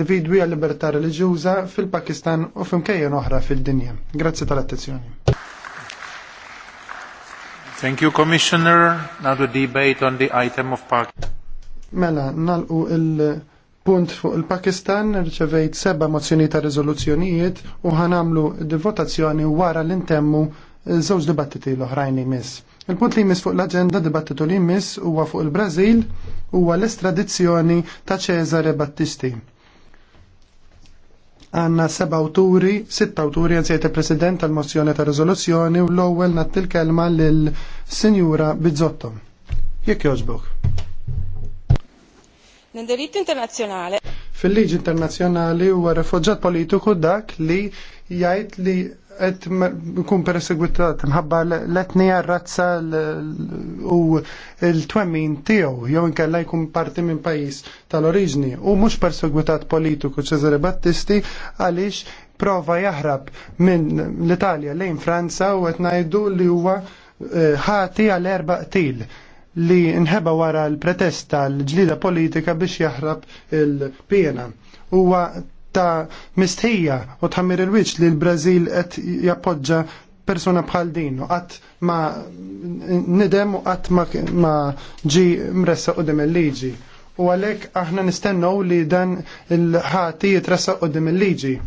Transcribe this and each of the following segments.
individwi għal libertà reliġjuża fil-Pakistan u f'imkejjen oħra fil-dinja. Grazzi tal-attenzjoni. Thank you, Commissioner. Now the debate on the item of Pakistan. Mela, nalqu il-punt fuq il-Pakistan, rċevejt seba mozzjoni ta' rezoluzzjonijiet u ħanamlu votazzjoni wara l-intemmu żewġ dibattiti l-oħrajn li jmiss. Il-punt li jmiss fuq l-agenda dibattitu li jmiss huwa fuq il-Brażil huwa l-estradizzjoni ta' Cesare Battisti. Għanna seba awturi, sitt awturi għazijiet il-President tal-mozzjoni ta' rezoluzzjoni u l-ewwel nattil kelma l sinjura Bizzotto. Jekk joġbok. Nindirizz internazzjonali. Fil-liġi internazzjonali huwa refuġġat politiku dak li jgħid li qed ikun persegwitat mħabba l-etnija razza u l-twemmin tiegħu jew inkella jkun parti minn pajjiż tal-oriġni u mhux persegwitat politiku Cesare Battisti għaliex prova jaħrab minn l-Italja lejn Franza u qed ngħidu li huwa eh, ħati għal erba' qtil li nħeba wara l-pretesta l-ġlida politika biex jaħrab il-pjena. Huwa ta' mistħija u tħammir il-wiċ li l-Brazil qed jappoġġa persona bħal din u qatt ma nidem u qatt ma ġi mressa dem il-liġi. U għalhekk aħna nistennew li dan il-ħati jitressa dem il-liġi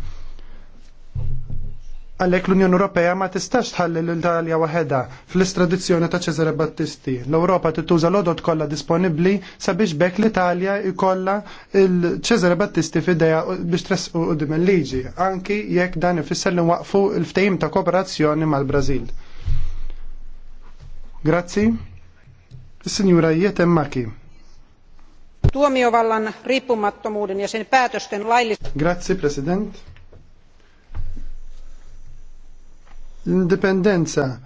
Għalhekk l-Unjoni Ewropea ma tistax tħalli l-Italja waħedha fl-istradizzjoni ta' Cesare Battisti. L-Ewropa tittuża l-odot kollha disponibbli sabiex bekk l-Italja jkollha il-Cesare Battisti f'idea biex tresqu qudiem il-liġi, anki jekk dan ifisser li waqfu l-ftehim ta' kooperazzjoni mal-Brażil. Grazzi. Signora Jetemaki. Tuomiovallan riippumattomuuden ja sen päätösten laillis... Grazie, President. L-indipendenza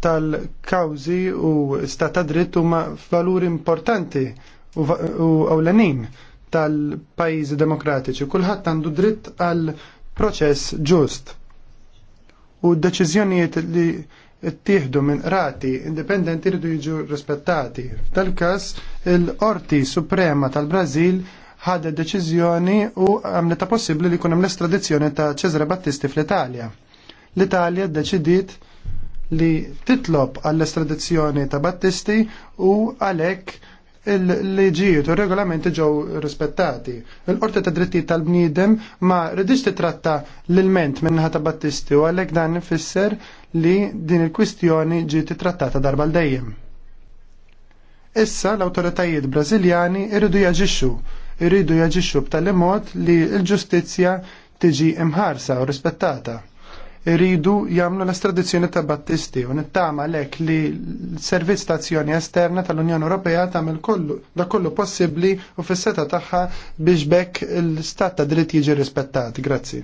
tal-kawzi u stata dritt huma valuri importanti u ewlenin tal-pajjiżi demokratiċi. Kulħadd għandu dritt għal proċess ġust. U d-deċiżjonijiet li ttieħdu minn rati indipendenti rridu jiġu rispettati. F'tal każ il-Qorti Suprema tal-Brażil ħadet deċiżjoni u għamleta possibbli li jkun hemm l-estradizzjoni ta' Cesare Battisti fl-Italja l-Italja ddeċidiet li titlob għall-estradizzjoni ta' Battisti u għalhekk il-liġijiet u regolamenti ġew rispettati. Il-Qorti ta' Drittijiet tal-Bniedem ma rridix titratta l-ilment minnaħa ta' Battisti u għalhekk dan ifisser li din il-kwistjoni ġiet titrattata darba l-dejjem. Issa l-awtoritajiet Brażiljani irridu jaġixxu, irridu jaġixxu b'tali mod li l-ġustizzja tiġi imħarsa u rispettata iridu jagħmlu l-estradizzjoni ta' Battisti u nittama lek li l-Servizz ta' Azzjoni Esterna tal-Unjoni Ewropea tagħmel kollu da kollu possibbli u fis-seta tagħha biex bekk l-istat ta' dritt jiġi rispettat. Grazzi.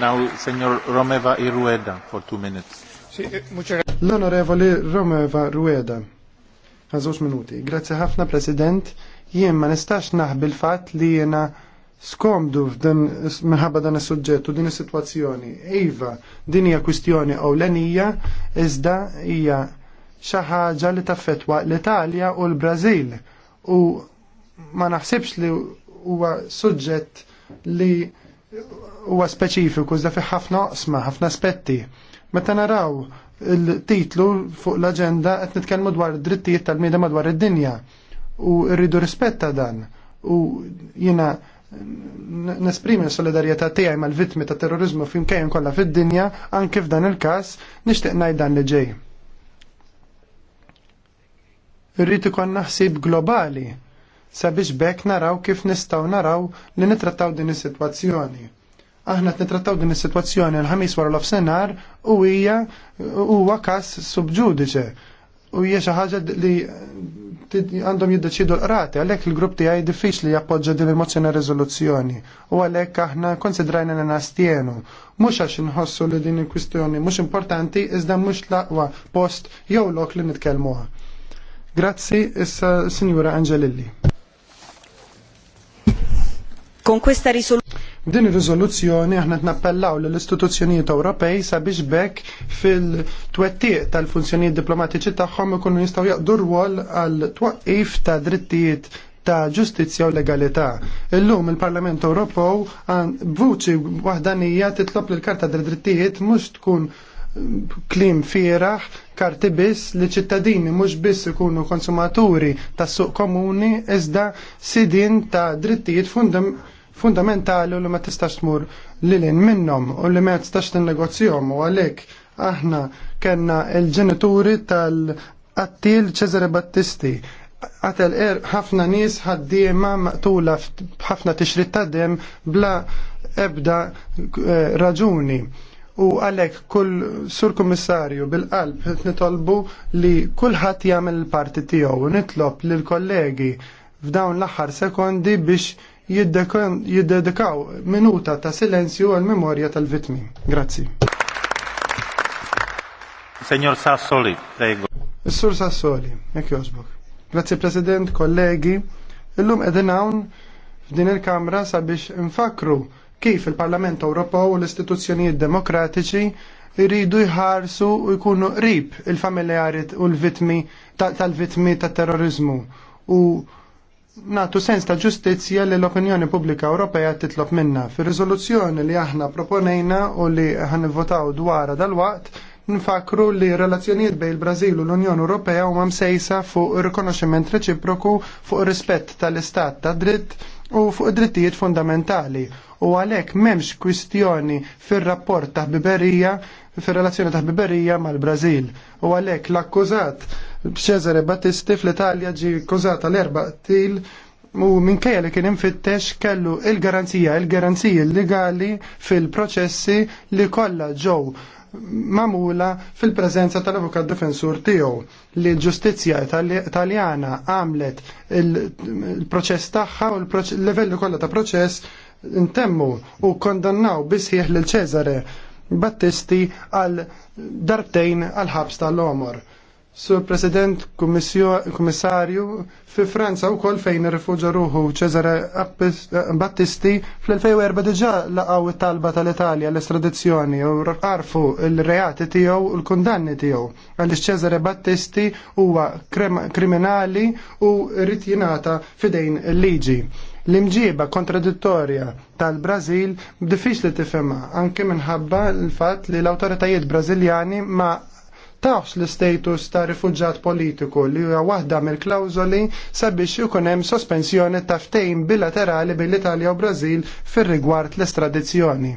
Now, Signor Romeva Irueda, for two minutes. Eh, L-Onorevoli Romeva Rueda, għazox minuti. Grazzi ħafna, President. Jien ma nistax naħbi fat li jena skomdu f'dan minħabba dan is-suġġett u din is-sitwazzjoni. Iva, din hija kwistjoni ewlenija iżda hija xi ħaġa li taffetwa l-Italja u l-Brażil u ma naħsibx li huwa suġġett li huwa speċifiku iżda fi ħafna oqsma, ħafna aspetti. Meta naraw il-titlu fuq l aġenda qed nitkellmu dwar id-drittijiet tal-mieda madwar id-dinja u rridu rispetta dan u jiena nesprimi l-solidarjetà tiegħi mal-vittmi ta' terrorizmu fimkejn kollha fid-dinja, anke f'dan il-każ nixtieq ngħid dan li ġej. Irrid ikon naħsib globali sabiex bekk naraw kif nistgħu naraw li nitrattaw din is-sitwazzjoni. Aħna nitrattaw din is-sitwazzjoni l-ħamis waru l-ofsenar u hija huwa każ subġudice u hija xi ħaġa li għandhom jiddeċidu l-qrati, għalhekk il-grupp diffiċ diffiċli jappoġġa din il-mozzjoni e rezoluzzjoni. u għalhekk aħna konsidrajna li nastienu. Mhux għax inħossu li din il-kwistjoni mhux importanti iżda mhux laqwa post jew lok li nitkellmuha. Grazzi issa signora Angelilli. Con questa risoluzione Din ir-riżoluzzjoni aħna tnappellaw lill istituzzjonijiet Ewropej sabiex bekk fil-twettiq tal-funzjonijiet diplomatiċi tagħhom ikunu jistgħu jaqdu rwol għal twaqqif ta' drittijiet ta' ġustizzja u legalità. Illum il-Parlament Ewropew b'vuċi waħdanija titlob lill karta tad drittijiet mhux tkun klim fieraħ, karti biss li ċittadini mhux biss ikunu konsumaturi tas suq komuni iżda sidin ta' drittijiet fundam fundamentali u li ma tistax tmur lilin minnhom u li ma tistax tinnegozjhom u għalhekk aħna kellna l-ġenituri tal-qattil Cesare Battisti għatel er ħafna nis ħaddiema maqtula ħafna t-ixrit tadem bla ebda eh, raġuni. U għalek kull sur kommissarju bil-qalb nitolbu li kullħat jagħmel il-parti tiegħu u nitlob lill kollegi f'dawn l-aħħar sekondi biex jiddedikaw minuta ta' silenzju għal memorja tal-vitmi. Grazzi. Senjor Sassoli, prego. Is-Sur Sassoli, jekk jozbok. Grazzi President, kollegi, illum edin hawn f'din il-Kamra sabiex nfakru kif il-Parlament Ewropew u l-istituzzjonijiet demokratiċi jridu jħarsu u jkunu qrib il-familjari u l-vitmi tal-vitmi tat-terrorizmu u natu sens ta' ġustizzja li l-opinjoni pubblika Ewropea titlob minna. Fir-riżoluzzjoni li aħna proponejna u li votaw dwar dal-waqt nfakru li relazzjonijiet bejn il-Brażil u l-Unjoni Ewropea huma msejsa fuq ir-rikonoxximent reċiproku fuq ir-rispett tal-istat ta' dritt u fuq drittijiet fundamentali u għalhekk m'hemmx kwistjoni fir-rapport ta' biberija fir-relazzjoni ta' biberija mal-Brażil u għalhekk l-akkużat Cesare Battisti fl-Italja ġi kkużata l-erba til u minkejja li kien infittex kellu il-garanzija, il-garanziji legali fil-proċessi li kollha ġew mamula fil-prezenza tal-avukat defensur tiegħu li l-ġustizzja italjana għamlet il-proċess tagħha u l-livelli kollha ta' proċess intemmu u kondannaw bisħieħ lil Cesare Battisti għal dartejn għal ħabs tal-omor. Sur President Kummissarju, fi Franza u kol fejn rifugġa ruħu Cesare eh, Battisti fl-2004 diġa laqaw it-talba tal-Italja l-estradizzjoni u arfu il-reati tiegħu u l-kundanni tiegħu għaliex Cesare Battisti huwa kriminali u ritjinata fidejn il-liġi. L-imġiba kontradittorja tal-Brazil diffiċli tifema, anke minħabba l-fatt li l-awtoritajiet Brażiljani ma taħs l-status ta' rifugġat politiku li huwa waħda mill-klawżoli sabiex ikun hemm sospensjoni ta' ftehim bilaterali bil-Italja u Brażil fir-rigward l-estradizzjoni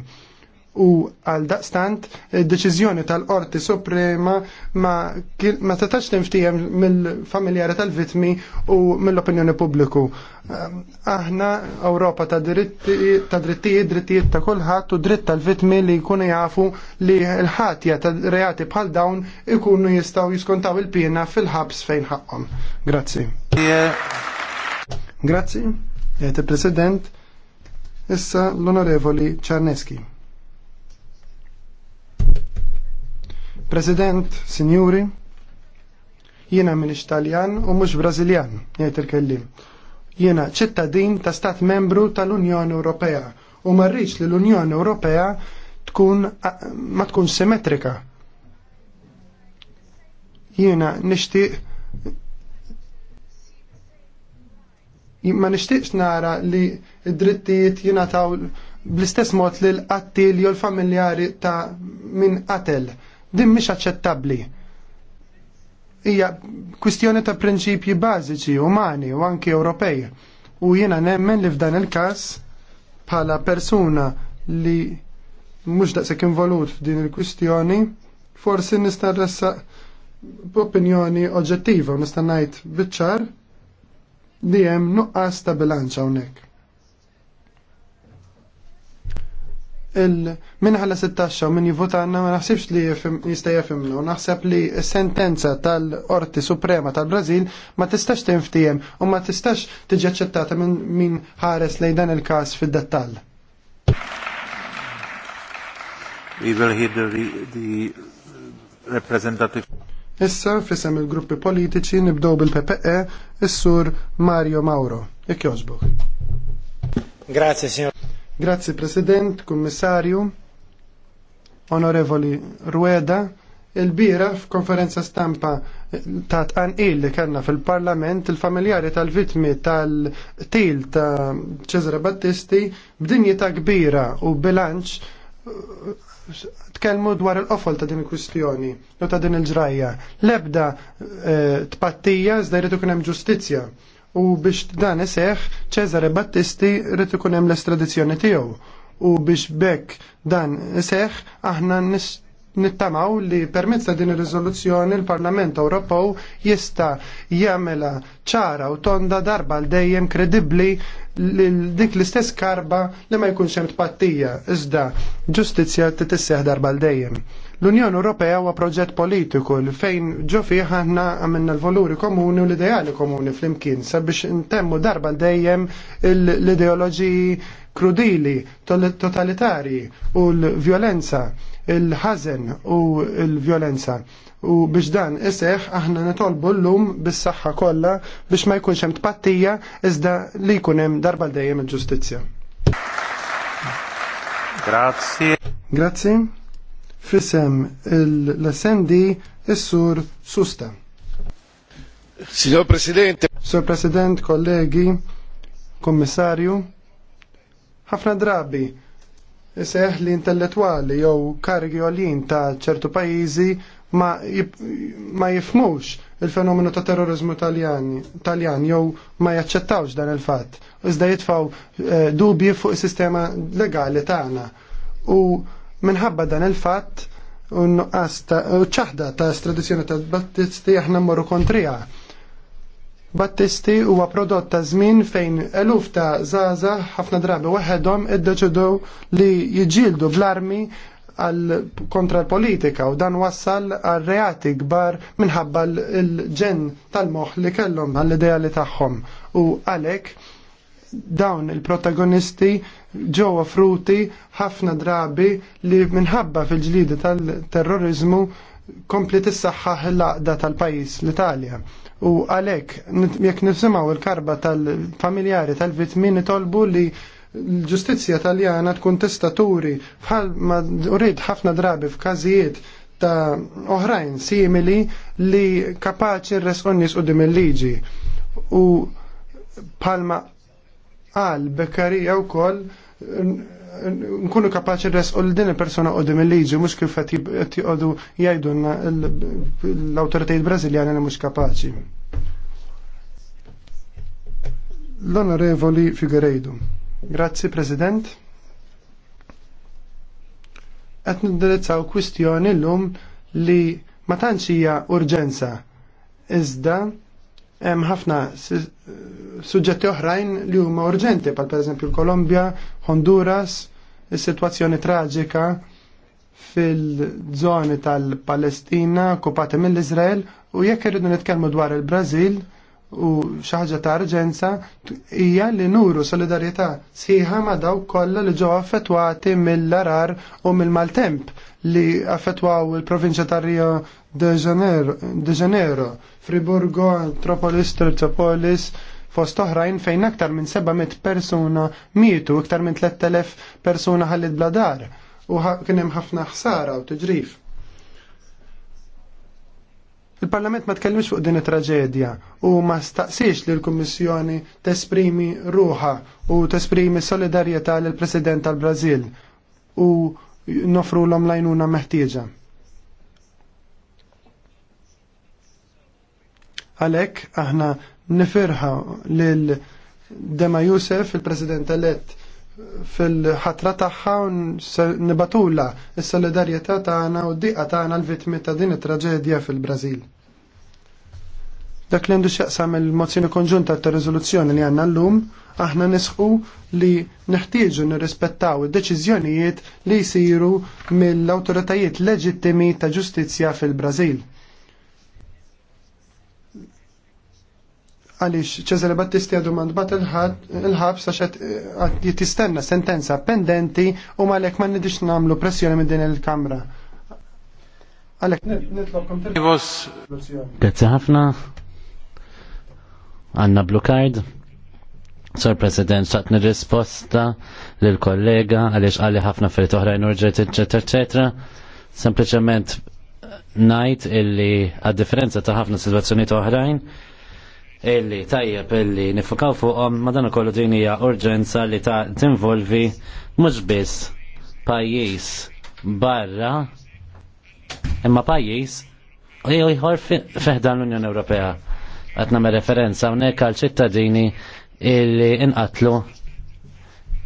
u għal daqstant deċiżjoni tal-Qorti Suprema ma, ma setax tinftijem mill-familjari tal-vitmi u mill-opinjoni pubbliku. Ehm, aħna Ewropa ta' ta' drittijiet, drittijiet ta' kulħadd u dritt tal-vitmi li jkunu jafu li l-ħatja ta' reati bħal dawn ikunu jistgħu jiskontaw il-pjena fil-ħabs fejn ħaqhom. Grazzi. Grazzi, President. Issa l-Onorevoli Czarneski. President, Sinjuri, jiena minix Taljan u mhux Brażiljan, jgħid il-kellim. Jiena ċittadin ta' stat membru tal-Unjoni Ewropea u marriċ li l-Unjoni Ewropea tkun ma tkun simmetrika. Jiena nixtieq ma nishtiqx nara li d-drittijiet jingħataw bl-istess mod li l-qattil jew l-familjari ta' min qatel Din mhix aċċettabbli. Hija kwistjoni ta' prinċipji bażiċi umani u anki Ewropej. U jiena nemmen li f'dan il-każ bħala persuna li mhux daqshekk involut f'din il-kwistjoni, forsi nista' nressaq opinjoni oġġettiva u nista' ngħid biċ-ċar li hemm nuqqas ta' bilanċ hawnhekk. Il Min ħalla 16 u min jivotanna ma naħsibx li jista' jefimna u naħseb li sentenza tal-Qorti Suprema tal-Brażil ma tistax tinftijem u ma tistax tiġi aċċettata minn min ħares lejn dan il-każ fid-dettall. We hear the, representative. Issa fisem il-gruppi politiċi nibdow bil-PPE is-sur Mario Mauro. Jekk jożbok. Grazie, signor. Grazzi President, Kummissarju, Onorevoli Rueda, il-bira f'konferenza stampa eh, ta' tqanqil li kellna fil-Parlament il-familjari tal-vitmi tal-til ta' Cesare Battisti b'dinjità kbira u bilanċ eh, tkellmu dwar il-qofol ta' din il-kwistjoni u ta' din il-ġrajja. Lebda eh, tpattija iżda kunem ġustizja. hemm ġustizzja u biex dan iseħ Cesare Battisti rrid ikun hemm l-estradizzjoni tiegħu u biex bekk dan iseħ aħna nittamaw li permezz ta' din ir-riżoluzzjoni l-Parlament Ewropew jista' jagħmela ċara u tonda darba l dejjem kredibbli lil dik l-istess karba li ma jkunx hemm tpattija iżda ġustizzja titisseħ darba l dejjem. L-Unjoni Ewropea huwa proġett politiku li fejn ġo fih aħna għamilna l-valuri komuni u l-ideali komuni fl-imkien sabiex ntemmu darba l-dejjem l-ideoloġiji krudili, totalitarji u l-violenza, il-ħazen u l-violenza. U biex dan iseħ aħna nitolbu l-lum bis-saħħa kollha biex ma jkunx hemm tpattija iżda li jkun hemm darba l-dejjem il-ġustizzja. Grazie. Grazie. Fisem l-Sendi Is-Sur Susta. Signor Presidente. Sur President, kollegi, kommissarju, ħafna drabi seħ li intellettuali jew kargi għolin ta' ċertu pajizi ma, ma jifmux il-fenomenu ta' terrorizmu taljan jew ma jaċċettawx dan il-fatt. Iżda jitfaw eh, dubji fuq is-sistema legali tagħna. U Minħabba dan il-fatt u ċaħda ta' tradizjoni ta' Battisti aħna mmorru kontrija. Battisti huwa prodott ta' żmien fejn eluf ta' zaza ħafna drabi waħedhom iddeċidew li jiġġieldu bl-armi għal kontra l-politika u dan wassal għal reati kbar minħabba l-ġen tal-moħ li kellhom għall-ideali tagħhom u għalek dawn il-protagonisti ġew fruti ħafna drabi li minħabba fil-ġlidi tal-terrorizmu kompli tissaħħaħ l-aqda tal-pajis l-Italja. U għalek, jekk nisimaw il-karba tal-familjari tal vitmini nitolbu li l-ġustizja taljana tkun testaturi bħal ma urid ħafna drabi f'każijiet ta' oħrajn simili li kapaċi r-resqonnis u il-liġi. U palma għal bekkarija u koll nkunu kapaċi resqu l din il-persona qoddim il-liġi, mux kif qed jgħidu jgħidulna l-awtoritajiet Brażiljani li mhux kapaċi. L-Onorevoli Figueiredo. Grazzi President. Qed nindirizzaw kwistjoni llum li ma tantx urġenza iżda hemm ħafna suġġetti oħrajn li huma urġenti, pal pereżempju l-Kolombja, Honduras, is-sitwazzjoni traġika fil-żoni tal-Palestina okkupati mill-Iżrael u jekk irridu nitkellmu dwar il-Brażil u xi ħaġa ta' arġenza hija li nuru solidarjetà sħiħa ma' dawk kollha li ġew affettwati mill-arar u mill-maltemp li affettwaw il-provinċja tar Rio de Janeiro, de Janeiro Friburgo, Antropolis, Terzopolis, fost oħrajn fejn aktar minn 700 persuna mietu, iktar minn 3000 persuna ħallit bladar u kien hemm ħafna ħsara u tiġrif. Il-Parlament ma tkellimx fuq din it-traġedja u ma staqsix li l-Kummissjoni tesprimi ruħa u tesprimi solidarjetà lill president tal-Brażil u nofru l omlajnuna meħtieġa. Għalek, aħna nifirħa lil Dema Jusef, il-President elett fil-ħatra tagħha nibatula s-solidarjetà tagħna u d-diqa tagħna l-vittmi ta' din it-traġedja fil-Brażil. Dak li għandu xaqsam il-mozzjoni konġunta ta' rezoluzzjoni li għanna l-lum, aħna nisħu li neħtieġu nirrispettaw id-deċiżjonijiet li jisiru mill-awtoritajiet leġittimi ta' ġustizzja fil-Brażil għaliex Ċezare Battisti għadu mandbat il-ħabs għax għad sentenza pendenti u malek ma nidix namlu pressjoni minn din il-kamra. Għalek, nitlobkom ħafna. Għanna blue card. Sor President, xaqt nir-risposta l-kollega għaliex għalli ħafna fil oħrajn urġet, eccetera, eccetera. Sempliciment najt illi għad differenza ta' ħafna situazzjoniet oħrajn, illi tajjeb illi nifukaw fuqhom ma dan ukoll din hija urġenza li ta' tinvolvi mhux biss pajjiż barra imma pajjiż ieħor feħdan l-Unjoni Ewropea. Qed nagħmel referenza hawnhekk għal ċittadini illi inqatlu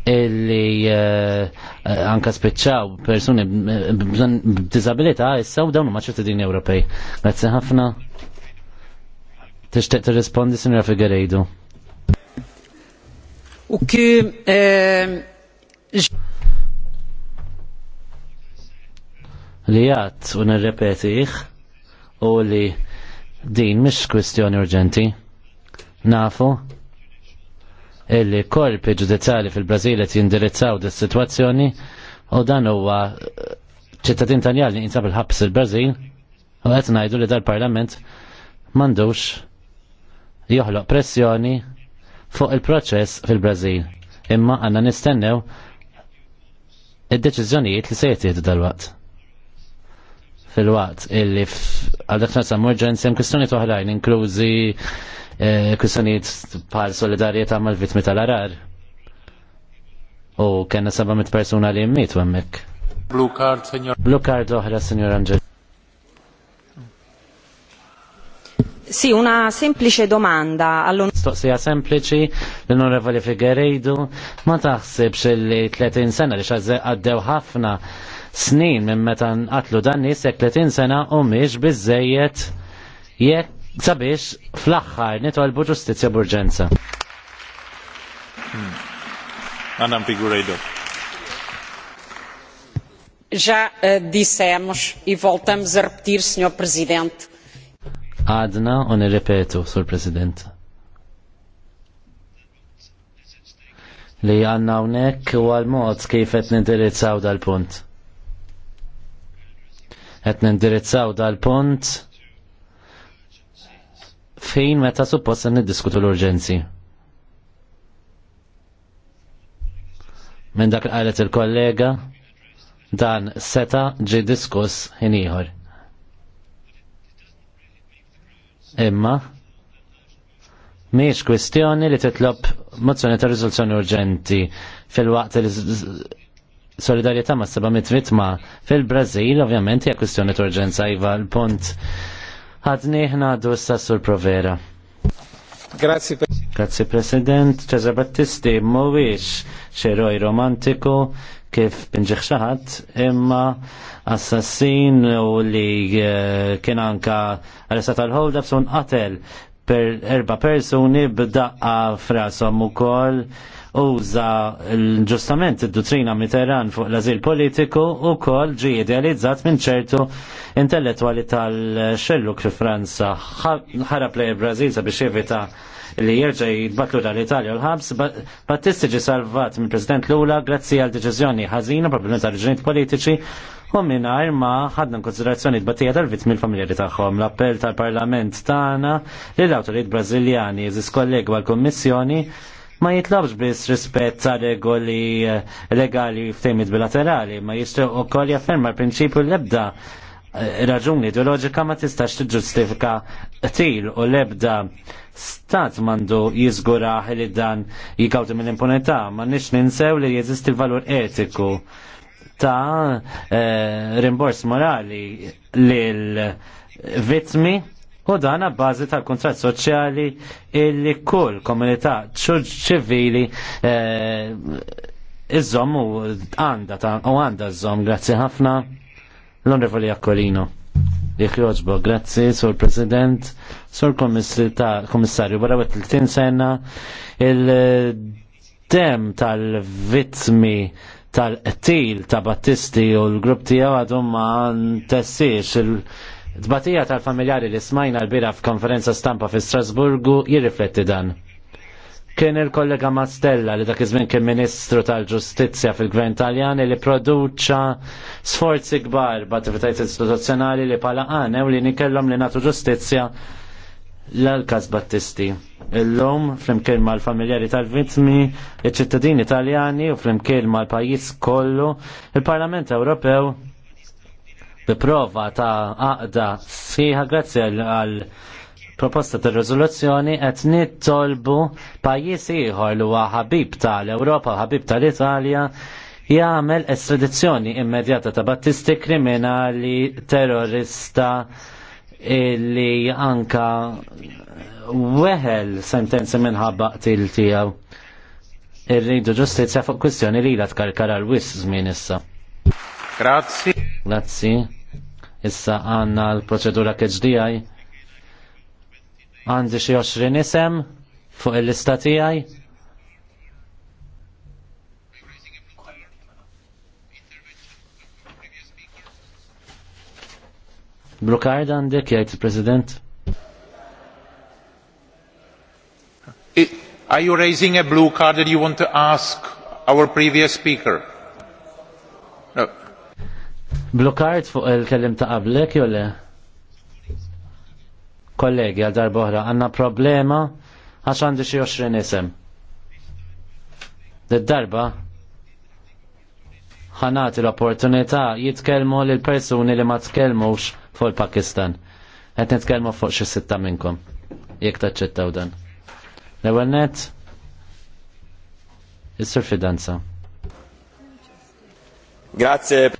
illi eh, anka spiċċaw persuni b'disabilità issa u dawn huma ċittadini Ewropej. Grazzi ħafna. Tixtieq tirrispondi Sinra Figueiredo. U kien ehm, li għat u nirrepetiħ u li din mish kwestjoni urġenti. Nafu illi korpi ġudizzali fil-Brazil qed jindirizzaw dis situazzjoni u dan huwa eh, ċittadin tanjal li jinsab il-ħabs il-Brazil u qed ngħidu li dal-Parlament m'għandux joħloq pressjoni fuq il-proċess fil-Brażil. Imma għanna nistennew id-deċiżjonijiet li se jittieħdu dal-waqt. Fil-waqt illi għal dak nasa emerġenzi hemm kwistjonijiet oħrajn inklużi eh, kwistjonijiet bħal solidarjetà mal-vittmi tal-arar. U kena 700 persuna li jemmit hemmhekk. Blue card, senjor. Blue card oħra, senjor Angel. Sì, una semplice domanda. Allon... Stoqsija sempliċi, l-onorevoli Figueredo, ma taħsibx li 30 sena li għaddew ħafna snin minn meta nqatlu dan nies jekk 30 sena u mhix biżejjed jekk sabiex fl-aħħar nitolbu ġustizzja b'urġenza. Hmm. Madam Figueredo. Já uh, eh, dissemos e voltamos a repetir, Sr. Presidente, għadna u nirripetu, Sur President. Li għanna unek u għal-mod kif qed nindirizzaw dal-punt. Qed nindirizzaw dal-punt fejn meta suppost se niddiskutu l-urġenzi. Minn dak qalet il-kollega, dan seta ġi diskuss in ieħor. Imma miex kwestjoni li titlob mozzjoni ta' Rizoluzzjoni urġenti fil-waqt li solidarjetà ma' 700 vittma fil-Brażil ovvjament hija kwestjoni ta' urġenza iva l-punt ħadni ħnadu issa sur provera. Grazie, Pre Grazie President. Cesar Battisti mhuwiex xeroj romantiku kif binġiħ xaħat imma assassin u li eh, kien anka arrestat tal-hold up sun qatel per erba persuni b'daqqa frasom ukoll uża l-ġustament id dutrina Mitterrand fuq l-azil politiku u kol ġi idealizzat minn ċertu intellettuali tal xellu fi Franza. ħarab lej brazil sabiex jevita li jerġa' jitbatlu dal-Italja l-ħabs, Battisti ġi salvat minn President Lula grazzi għal deċiżjoni ħażina problemi ta' reġunijiet politiċi u mingħajr ma ħadna konsiderazzjoni d-battija tal vitmi l-familjari tagħhom. L-appell tal-Parlament tagħna li l autorit Brażiljani jizis kollegu għal-Kummissjoni ma jitlobx biss rispett ta' regoli eh, legali u ftejmit bilaterali, ma jistgħu wkoll jafferma l-prinċipju l-ebda raġuni ideoloġika ma tistax tiġġustifika til u lebda stat mandu jizguraħ li dan jikawti mill impunità ma nix ninsew li jeżisti valur etiku ta' eh, rimbors morali lil vitmi u dan bażi tal-kontrat soċjali illi kull komunità ċivili eh, iż-żom u għanda u għanda iż-żom grazzi ħafna. L-Onorevoli Akkolino. Jekjoġbo, grazzi, Sur President, Sur Komissarju, wara 30 sena il tem tal-vitmi tal-qtil ta' Battisti u l-grupp tiegħu għadhom ma tessiex il- Tbatija tal-familjari li smajna l-bira f'konferenza stampa fi Strasburgu jirrifletti dan kien il-kollega Mastella li dak iż-żmien kien Ministru tal-Ġustizzja fil-Gvern Taljan li produċa sforzi kbar b'attivitajiet istituzzjonali li bħala għanew li nikellhom li nagħtu ġustizzja l-Alkas Battisti. Illum flimkien mal-familjari tal-vittmi, iċ-ċittadini Taljani u flimkien mal-pajjiż kollu, il-Parlament Ewropew bi prova ta' għaqda sħiħa grazzi għal proposta ta' rezoluzzjoni qed nittolbu pajjiż ieħor li huwa ħabib tal-Ewropa, ħabib tal-Italja jagħmel estradizzjoni immedjata ta' battisti kriminali terrorista li anka weħel sentenzi minħabba qtil tiegħu. Irridu ġustizzja fuq kwistjoni li la tkarkar għal wis żmien issa. Grazzi. Grazzi. Issa għanna l-proċedura keġdijaj Għandi xie 20 nisem fuq il istatijaj tiegħi. Blukard għandek jgħid il-President. Are you raising a blue card that you want to ask our previous speaker? No. Blue card fuq il-kellim ta' qablek jew le? Kollegi, għal darba oħra, għanna problema għax għandi xi 20 isem. Did-darba ħanat l-opportunità jitkellmu l persuni li ma tkellmux fuq il-Pakistan. Qed nitkellmu fuq xi sitta minnkom. Jekk taċċettaw dan. L-ewwel net is-sur fidanza. Grazie.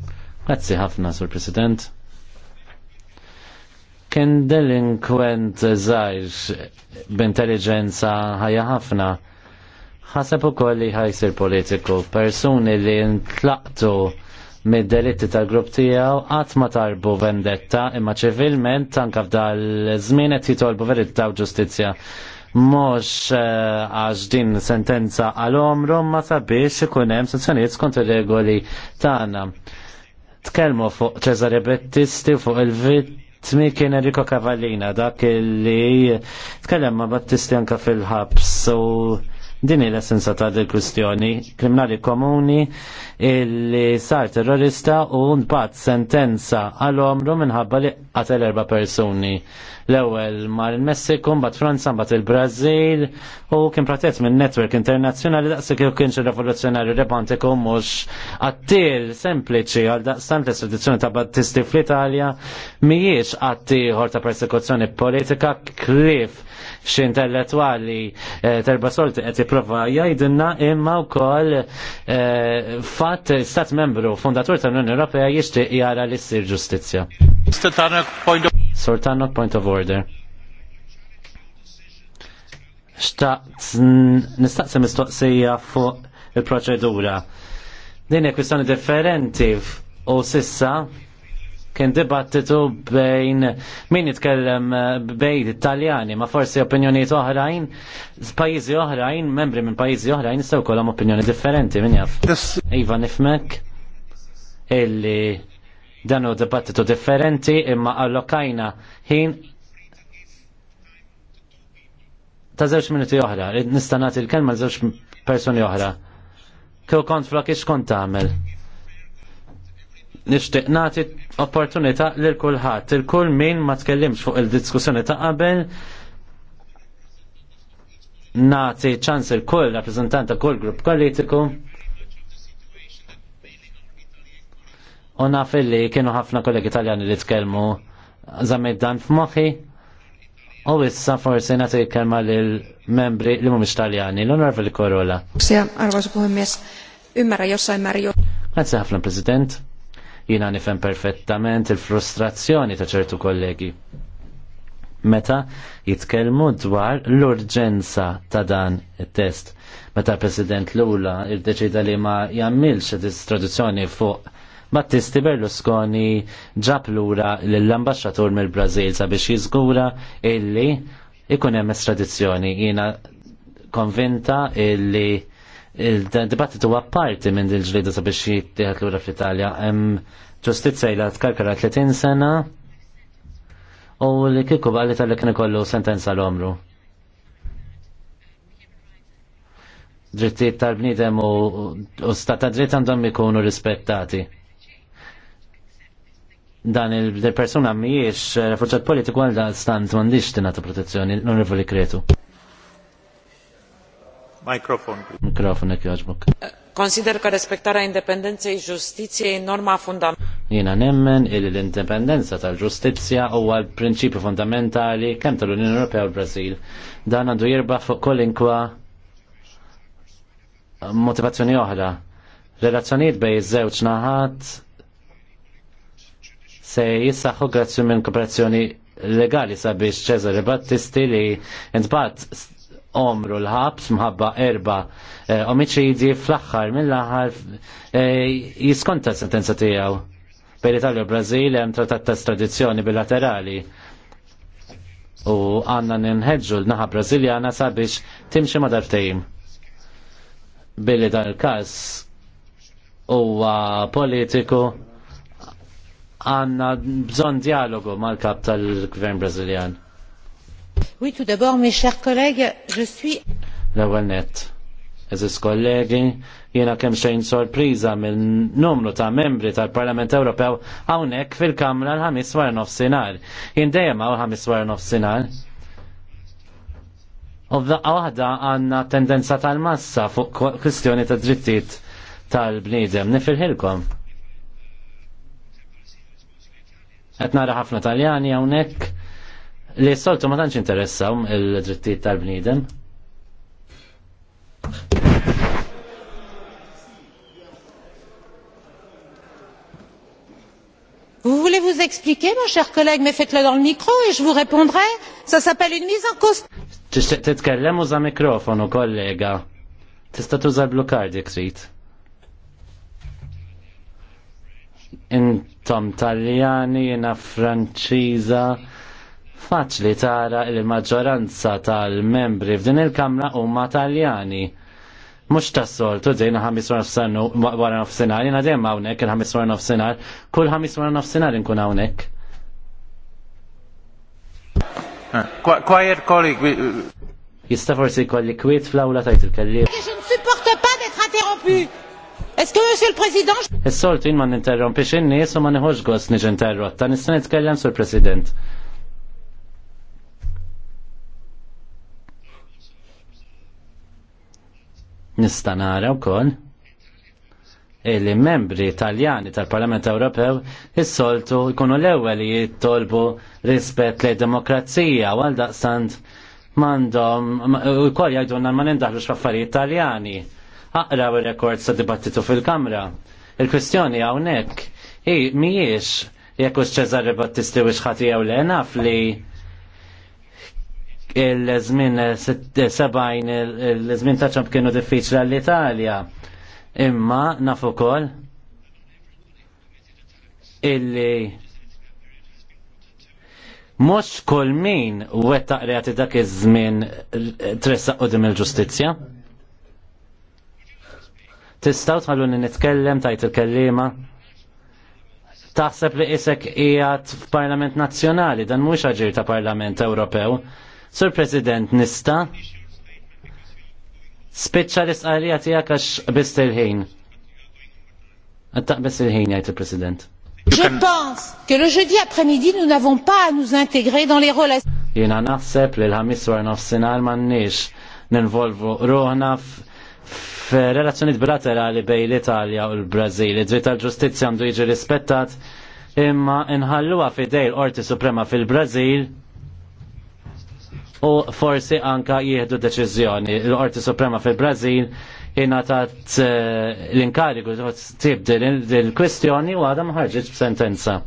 Grazie ħafna, Sur President kien delinkwent zaħir b'intelligenza ħajja ħafna. Ħaseb ukoll li ħajsir politiku, persuni li ntlaqtu mid-delitti tal-grupp tiegħu qatt ma tarbu vendetta imma ċivilment anke f'dal żmien qed jitolbu verità u ġustizzja. Mhux eh, għax din sentenza għal omru ma sabiex ikun hemm sanzjonijiet skont ir-regoli tagħna. Tkellmu fuq Cesare Bettisti fuq il-vitt vittmi kien Enrico Cavallina, dak li tkellem ma' Battisti anka fil-ħabs u din l-essenza ta' dil kustjoni kriminali komuni li sar terrorista u mbagħad sentenza għal-omru minħabba li għatel erba personi. L-ewel mar il-Messiku, mbagħad Franza, mbagħad il-Brażil u kien pratett minn netwerk internazzjonali daqsi kif kienx il-revoluzjonari repantiku mhux għattil sempliċi għal daqsan l-istituzzjoni ta' Battisti fl-Italja mhijiex għattieħor ta' persekuzzjoni politika krif xi intellettwali eh, terba solti qed jipprova jgħidilna imma wkoll eh, fatt stat membru fundatur tal-Unjoni Ewropea jixtieq jara li issir ġustizzja. Sir Tannock, point of order. Xtaqt, nistaqsi mistoqsija fuq il-proċedura. Din hija kwistjoni differenti u sissa kien dibattitu bejn min jitkellem bejn Italjani, ma forsi opinjonijiet oħrajn, pajjiżi oħrajn, membri minn pajjiżi oħrajn jistgħu kollhom opinjoni differenti min jaf. Iva nifmek illi Dan u dibattitu differenti imma allokajna ħin ta' zewġ minuti oħra. Nista' nagħti kelma zewġ żewġ persuni oħra. Kew kont flok ix kont tagħmel. Nixtieq nagħti opportunità lil kulħadd, il kull min ma tkellimx fuq il-diskussjoni ta' qabel nagħti ċans il-kull rappreżentant ta' kull grupp politiku U naf illi kienu ħafna kollegi Italjani li tkellmu żammejt dan f'moħħi. U issa forsi nagħti kelma lil membri li mhumiex Taljani, l-Onorevoli Korola. Sija, arvoisa puhemies, ymmärrän jossain Jossa jo. Grazzi ħafna President. Jiena nifhem perfettament il-frustrazzjoni ta' ċertu kollegi meta jitkellmu dwar l-urġenza ta' dan it-test. Meta President Lula il-deċida li ma jammilx distraduzzjoni fuq Battisti Berlusconi ġab lura l-ambasċatur mill-Brazil sabiex jiżgura illi ikun hemm estradizzjoni. Jiena konvinta illi il-dibattitu huwa parti minn il-ġlieda sabiex jittieħed lura fl-Italja. Hemm ġustizzja ilha tkarkara 30 sena u li kieku għalli tal-li kien ikollu sentenza l-omru. Drittijiet tal-bniedem u stata dritt għandhom ikunu rispettati dan il-persuna miex refuġat politiku għal dan stant mandiġ ta' protezzjoni, non li kretu. Mikrofon. Mikrofon ekki għagħbuk. Konsider ka respektara independenza i ġustizja e norma fundamentali. Jina nemmen il l-indipendenza tal-ġustizja u għal-prinċipju fundamentali kemm tal-Unjoni Ewropea u l-Brazil. Dan għandu jirba' fuq kolinkwa motivazzjoni oħra. Relazzjoniet bej iż-żewġ naħat se jissaħħu grazzi minn kooperazzjoni legali sabiex Cesare Battisti li jintbat omru l-ħabs mħabba erba eh, omicidi fl-axħar mill-axħar eh, jiskonta sentenza tijaw. Per Italja u Brazil hemm trattat ta' tradizzjoni bilaterali u għanna ninħedġu l-naħa Brazilijana sabiex timxi ma' darftejim. Billi dan il-kas huwa politiku għanna bżon dialogu mal-kap tal-gvern brazilian. Oui, tout d'abord, mes chers collègues, je suis... l net. eżis kollegi, jena kem xejn sorpriza minn numru ta' membri tal-Parlament Ewropew għawnek fil-Kamra l-ħamis wara nofsinar. Jien dejjem għaw ħamis wara nofsinar. U waħda għanna tendenza tal-massa fuq kwestjoni ta' drittijiet tal bnidem Nifirħilkom. Qed ħafna Taljani hawnhekk li s-soltu ma tantx interessaw il-drittijiet tal bnidem Vous voulez vous expliquer, mon cher collègue, mais faites-le dans le micro et je vous répondrai. Ça s'appelle une mise en cause. Titkellem uża mikrofonu, kollega. Tista' tuża blue card jekk trid. intom taljani, jena franċiza, faċli tara il-maġġoranza tal-membri f'din il-kamra huma taljani. Mux tas-soltu dejna ħamis wara nofsinhar, jiena dejjem hawnhekk il-ħamis f nofsinhar, kull ħamis wara nofsinhar inkun hawnhekk. Ah, Quiet colleague. Jista' forsi kolli kwit fl-awla tajt il-kelli. Je ne supporte pas d'être interrompu. Monsieur le Président... Is-soltu jien ma ninterrompix in-nies u ma nieħux gost niġi interrotta. Nista' nitkellem sur President. Nista' nara wkoll li membri Taljani tal-Parlament Ewropew is-soltu jkunu l-ewwel li jittolbu rispett lejn demokrazija u għal daqstant m'għandhom ukoll jgħidulna ma nindaħlux f'affarijiet Taljani aqraw il-rekord sa' dibattitu fil-Kamra. Il-kwestjoni għawnek, i miex jekk ux Ċezare Battisti u xħati għaw li naf li il-żmien 70 il-żmien taċċam kienu diffiċli għall-Italja. Imma naf ukoll illi mhux kull min wettaq reati dak iż-żmien tressaq qudiem il-ġustizzja. Tistaw tħalluni nitkellem tajt il-kellima? Taħseb li isek ijat f'Parlament Nazzjonali, dan mhux aġir ta' Parlament Ewropew. Sur President, nista? Spiċċa l-isqarija tiegħek għax biss il-ħin. Għattaqbess il-ħin jgħid il-President. Je pense que le jeudi après-midi, nous n'avons pas à nous intégrer dans les relations. Jena naħseb li l-ħamis war nofsinhar m'għandniex ninvolvu ruħna F-relazzjoniet bilaterali bej l-Italja u l-Brażil, id-dritt tal-ġustizzja għandu jiġi rispettat imma inħalluha fidej l-Qorti Suprema fil-Brażil u forsi anka jieħdu deċiżjoni. L-Qorti Suprema fil-Brażil ingħatat eh, l-inkarigu tibdi il-kwestjoni u għadha b b'sentenza.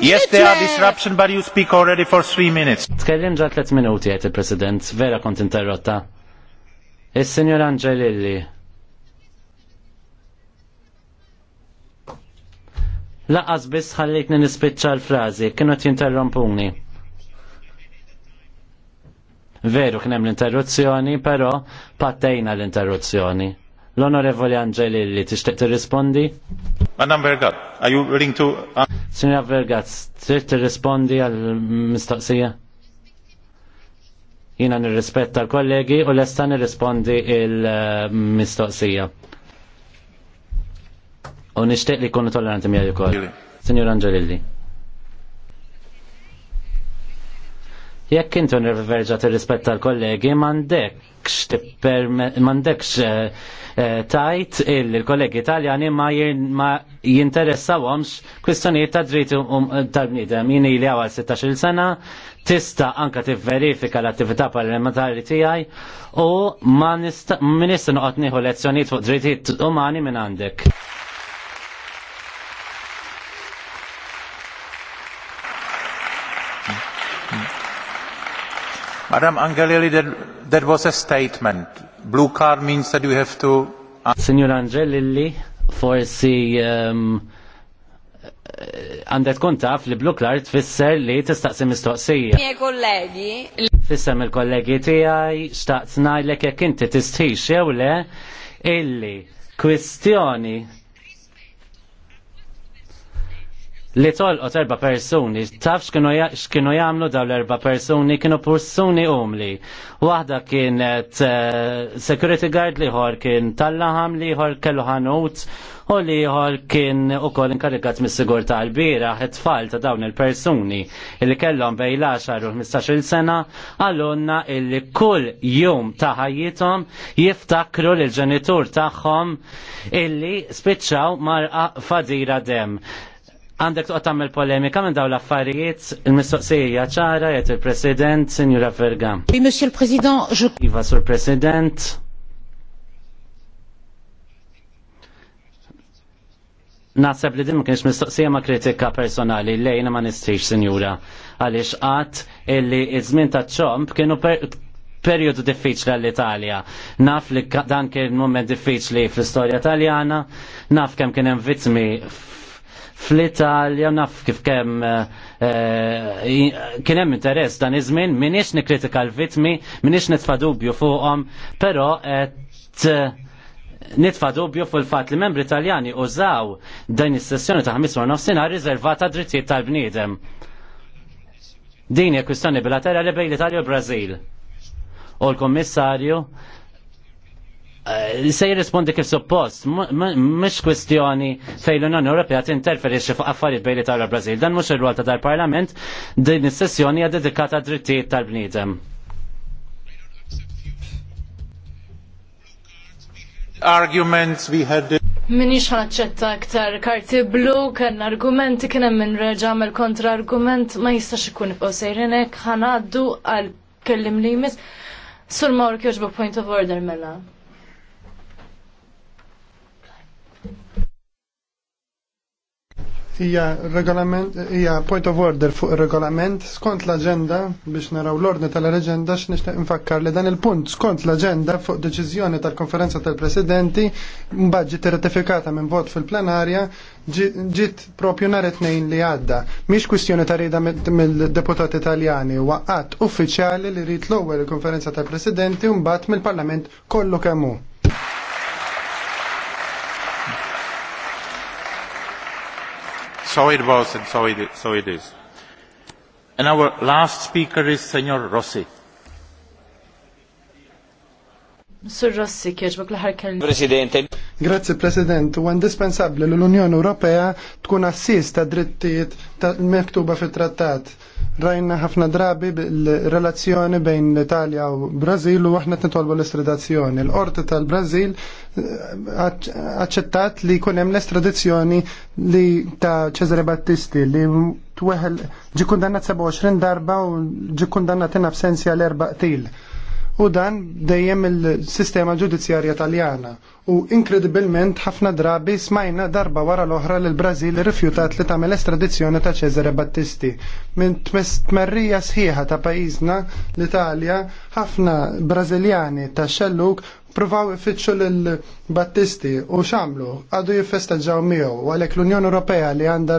Yes, there are disruption, but you speak already for three minutes. Tkellim ġa tliet minuti, għajt il-President, vera kont interrotta. is signor Angelilli. Laqas biss ħallitni nispiċċa l-frażi, kienu jinterrompuni. Veru kien hemm l-interruzzjoni, però pattejna l-interruzzjoni. L-Onorevoli Angeli li tixtieq tirrispondi? Madam Vergat, are you willing to... Uh, Signora Vergat, trid tirrispondi għall-mistoqsija? Jina nirrispetta l-kollegi u lesta nirrispondi il-mistoqsija. Uh, U nishtiq li konu tolleranti mi jukol. Signor Angelilli. Jekk intu nirverġa t-rispetta tal-kollegi, mandekx mandekx eh, eh, tajt il-kollegi italjani ma għomx kwistjonijiet ta' dritti tal-bnidem. Jini li għawal 16 sena, tista anka tivverifika l-attività parlamentari tiegħi u ma nista' noqgħod nieħu lezzjonijiet fuq drittijiet umani minn għandek. Madam Angelilli, that, that was a statement. Blue card means that you have to... Uh, Signor Angelilli, forsi um, għandet kun kontaf li Blue Card fisser li tistaqsi mistoqsija. Mie kollegi. Fisser il-kollegi tijaj, xtaqt najlek jek inti tistħix jew le, illi kwistjoni li tolqot erba persuni, taf x'kienu jagħmlu daw l-erba persuni, kienu persuni umli. Waħda kienet uh, security guard liħor kien tal-laħam liħor kellu ħanut u liħor kien ukoll inkarikat mis sigur tal bira tfal ta' dawn il-persuni illi kellhom bej l-10 u 15-il sena għallunna illi kull jum ta' ħajjithom jiftakru l ġenitur tagħhom illi spiċċaw marqa fadira dem. Għandek tuqqa tammel polemika minn daw l-affarijiet, il-mistoqsija ċara, jgħet il-President, Signora Verga. Monsieur le Président, je... Iva, Sur President. Naħseb li din ma kienx mistoqsija ma' kritika personali lejna ma nistrix Signora. għaliex qatt illi iż-żmien ta' ċomp kienu perjodu diffiċli għall-Italja. Naf li dan kien mument diffiċli fl-istorja Taljana, naf kemm kien hemm vittmi fl-Italja naf kif kem eh, eh, kien hemm interess dan iż-żmien miniex nikkritika l vittmi m'iniex nitfa' dubju fuqhom, però qed eh, nitfa' dubju fuq il-fatt li membri Taljani użaw din is-sessjoni ta' 5 nofsinhar riservata drittijiet tal-bniedem. Din hija kwistjoni bilaterali bejn l-Italja u l-Brażil. U l-Kummissarju Eh, se jirrispondi kif suppost, mux kwestjoni fej l-Unjoni Ewropea tinterferi fuq affarijiet bejli tal Brazil. Brażil. Dan mhux ir-rwol ta' tal-Parlament, din is-sessjoni hija dedikata drittijiet tal-bniedem. Arguments we had Minix ħanaċċetta aktar karti blu, kan argumenti kien hemm min reġa' kontra-argument ma jistax ikun ibqgħu sejrinek ħanaddu għal kellim li jmiss. Sur Mawr kjoġbu point of order mela. hija regolament hija point of order fuq regolament skont l-aġenda biex naraw l-ordni tal agenda x'nixtieq infakkar li dan il-punt skont l-aġenda fuq deċiżjoni tal-konferenza tal-presidenti mbaġġi ratifikata minn vot fil-plenarja ġiet propju nhar it-tnejn li għadda. Mhix kwistjoni ta' rieda mill-deputati Taljani waqqat uffiċjali li rid l-ewwel il-konferenza tal-presidenti u mbagħad mill-Parlament kollu kemm hu. so it was and so it, so it is. And our last speaker is Senor Rossi. Sur Rossi, kieġbuk l-ħar kelmi. Presidente. Grazie, President. U indispensabli li l-Unjoni Ewropea tkun assist ta' drittijiet ta' mektuba fit trattat Rajna ħafna drabi l-relazzjoni bejn l-Italja u Brazil u aħna nitolbu l-estradazzjoni. L-Qorti tal-Brazil eh, aċċettat li jkun hemm l-estradizzjoni li ta' Cesare Battisti li tweħel ġi kundannat 27 darba u ġi kundannat in absenzja l-erba' til u dan dejjem il-sistema ġudizzjarja taljana u inkredibilment ħafna drabi smajna darba wara l-oħra l brażil rifjutat li tagħmel estradizzjoni ta' Cesare Battisti. Minn tmerrija sħiħa ta' pajjiżna l-Italja ħafna Brażiljani ta' xelluk provaw ifittxu l-Battisti u xamlu għadu jiffestaġġaw miegħu u għalhekk l-Unjoni Ewropea li għandha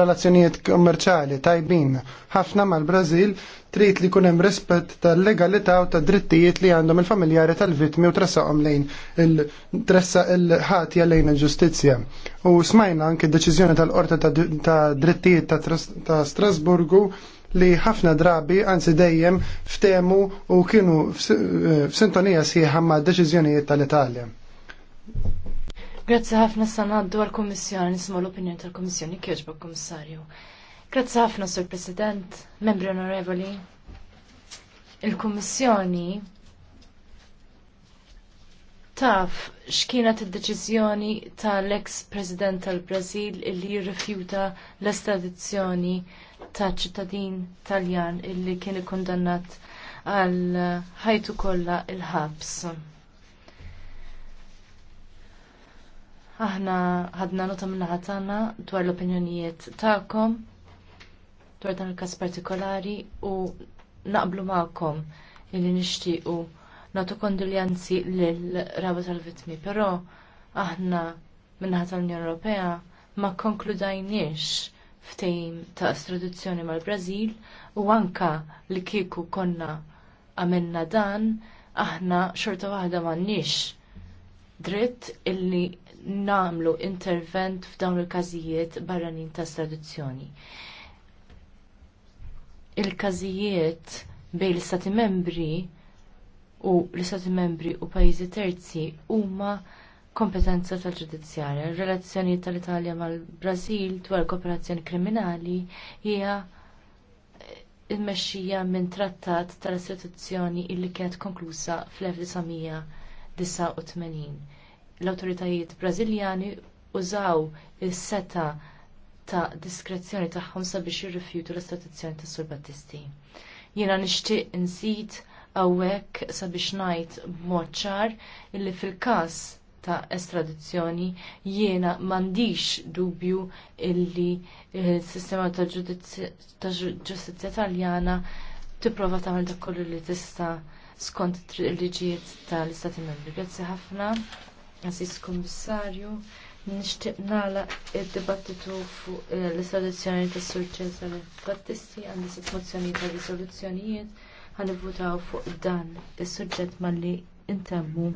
relazzjonijiet kommerċali tajbin ħafna mal-Brażil trid li jkun hemm rispett tal-legalità u tad-drittijiet li għandhom il-familjari tal-vittmi u tressaqhom lejn tressa il-ħatja lejn il-ġustizzja. U smajna anke d-deċiżjoni tal orta ta' Drittijiet ta' Strasburgu li ħafna drabi anzi dejjem ftemu u kienu eh, f'sintonija sħiħa ma' deċiżjonijiet tal-Italja. Grazzi ħafna sanaddu għal komissjoni nismu l-opinjoni tal komissjoni kieġba Kommissarju. Grazzi ħafna, Sur President, membri onorevoli. il komissjoni taf x'kienet id-deċiżjoni tal-ex President tal-Brażil li jirrifjuta l-estradizzjoni ta' ċittadin Taljan illi kien ikkundannat għal ħajtu kollha il-ħabs. Aħna ħadna nota minn ħatana dwar l-opinjonijiet tagħkom dwar dan il-każ partikolari u naqblu magħkom illi nixtiequ nagħtu kondoljanzi lill-raba tal-vittmi, però aħna minnaħat tal-Unjoni Ewropea ma konkludajniex ftejn ta' estradizzjoni mal-Brażil u anka li kieku konna għamilna dan aħna xorta waħda m'għandniex dritt illi nagħmlu intervent f'dawn il-każijiet barranin ta' estradizzjoni. Il-każijiet bejn l-Stati membri u l-Istati membri u pajjiżi terzi huma kompetenza tal-ġudizzjarja. Ir-relazzjoni tal-Italja mal-Brażil dwar kooperazzjoni kriminali hija l-mexxija minn trattat tal-istituzzjoni illi kienet konklusa fl-1989. L-awtoritajiet Brażiljani użaw is-seta ta' diskrezzjoni tagħhom sabiex jirrifjutu l-istituzzjoni tas Sur Battisti. Jiena nixtieq insit hawnhekk sabiex ngħid b'mod ċar illi fil-każ ta' estradizzjoni jiena m'għandix dubju illi il-sistema ta' ġustizzja taljana tipprova tagħmel dak kollu li tista' skont il-liġijiet tal-Istati Membri. Grazzi ħafna, Aziz Kommissarju. Nixtieq nagħlaq id-dibattitu fuq l-istraduzzjoni tas surċez tal-battisti għandi sitt mozzjoni ta' risoluzzjonijiet votaw fuq dan is-suġġett malli intemmu